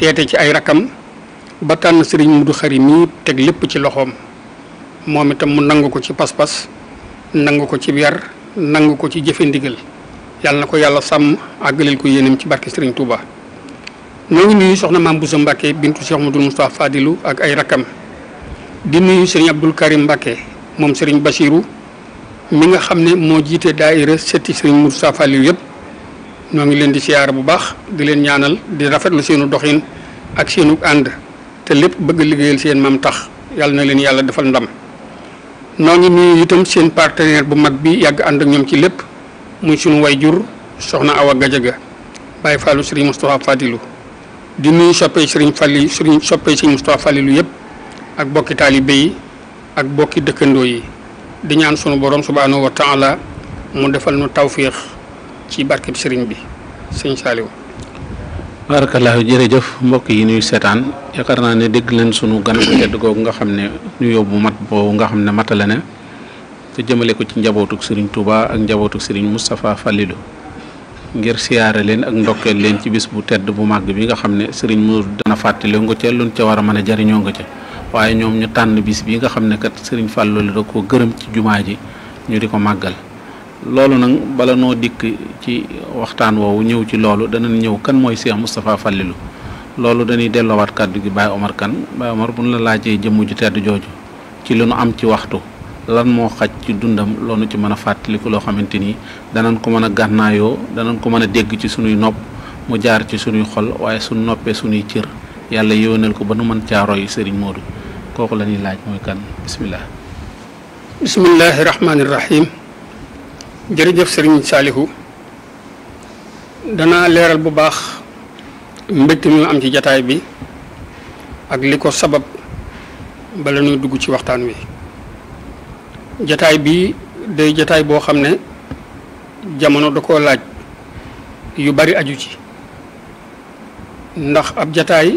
teete ci ay rakkam ba tànn sëriñ du Xari mii teg lépp ci loxoom moom itam mu nangu ko ci pas-pas nangu ko ci yar nangu ko ci jëfe ndigal yàlla na ko yàlla sàmm àggaleel ko yéeneem ci barke sëriñ Touba. ñoo ngi nuyu soxna maam Bousso Mbacke bintu Cheikh mu Moustapha Fadilou ak ay rakkam di nuyu sëriñ Abdoul Karim Mbacke moom sëriñ Bachirou mi nga xam ne moo jiite daaira setti sëriñ Moustapha Fadilou yëpp. ñoo ngi leen di siyaar bu baax di leen ñaanal di rafet rafetlu seenu doxin ak seenu ànd te lépp bëgg liggéeyal seen maam tax yàlla na leen yàlla defal ndam noo ngi nuyu itam seen partenaire bu mag bi yàgg ànd ak ñoom ci lépp muy sunu way jur soxna Awa Gajaga Baye Fallou Serigne Moustapha Fadilou di nuyu soppee Serigne Falli Serigne soppee Serigne Moustapha Fadilou yëpp ak bokki taalibe yi ak bokki dëkkandoo yi di ñaan sunu borom subhaanahu wa taala mu defal nu tawfiix ci barkeb sëriñ bi sëñ Saliou. barakallahu jërëjëf mbokk yi nuy seetaan yaakaar naa ne dégg leen sunu gan bu tedd googu nga xam ne nuyoo bu mat boobu nga xam ne matale na te jëmale ko ci njabootuk sëriñ Touba ak njabootuk sëriñ Moustapha Fallilou ngir siyaare leen ak ndokkeel leen ci bis bu tedd bu màgg bi nga xam ne sëriñ Mour dana fàttali nga ca luñ ca war a mën a jariñoo nga ca waaye ñoom ñu tànn bis bi nga xam ne kat sëriñ Fallou la da ko gërëm ci jumaa ji ñu di ko màggal loolu nag bala noo dikk ci waxtaan woowu ñëw ci loolu dana ñëw kan mooy Cheikh Moustapha Fallilou loolu dañuy delloowaat kàddu gi Baye Omar kan Baye Omar bu ñu la laajee jëmm ju tedd jooju ci lu nu am ci waxtu lan moo xaj ci dundam loolu ci mën a fàttaliku loo xamante ni danañ ko mën a gànnaayoo danañ ko mën a dégg ci sunuy nopp mu jaar ci sunuy xol waaye suñu noppee sunuy cër yàlla yéwénal ko ba nu mën caaro yi Serigne Modou kooku la ñuy laaj mooy kan jërëjëf sëriñ Saalihu danaa leeral bu baax mbégte mi am ci jataay bi ak li ko sabab bala ñuy dugg ci waxtaan wi jataay bi day jataay boo xam ne jamono da ko laaj yu bari aju ci ndax ab jataay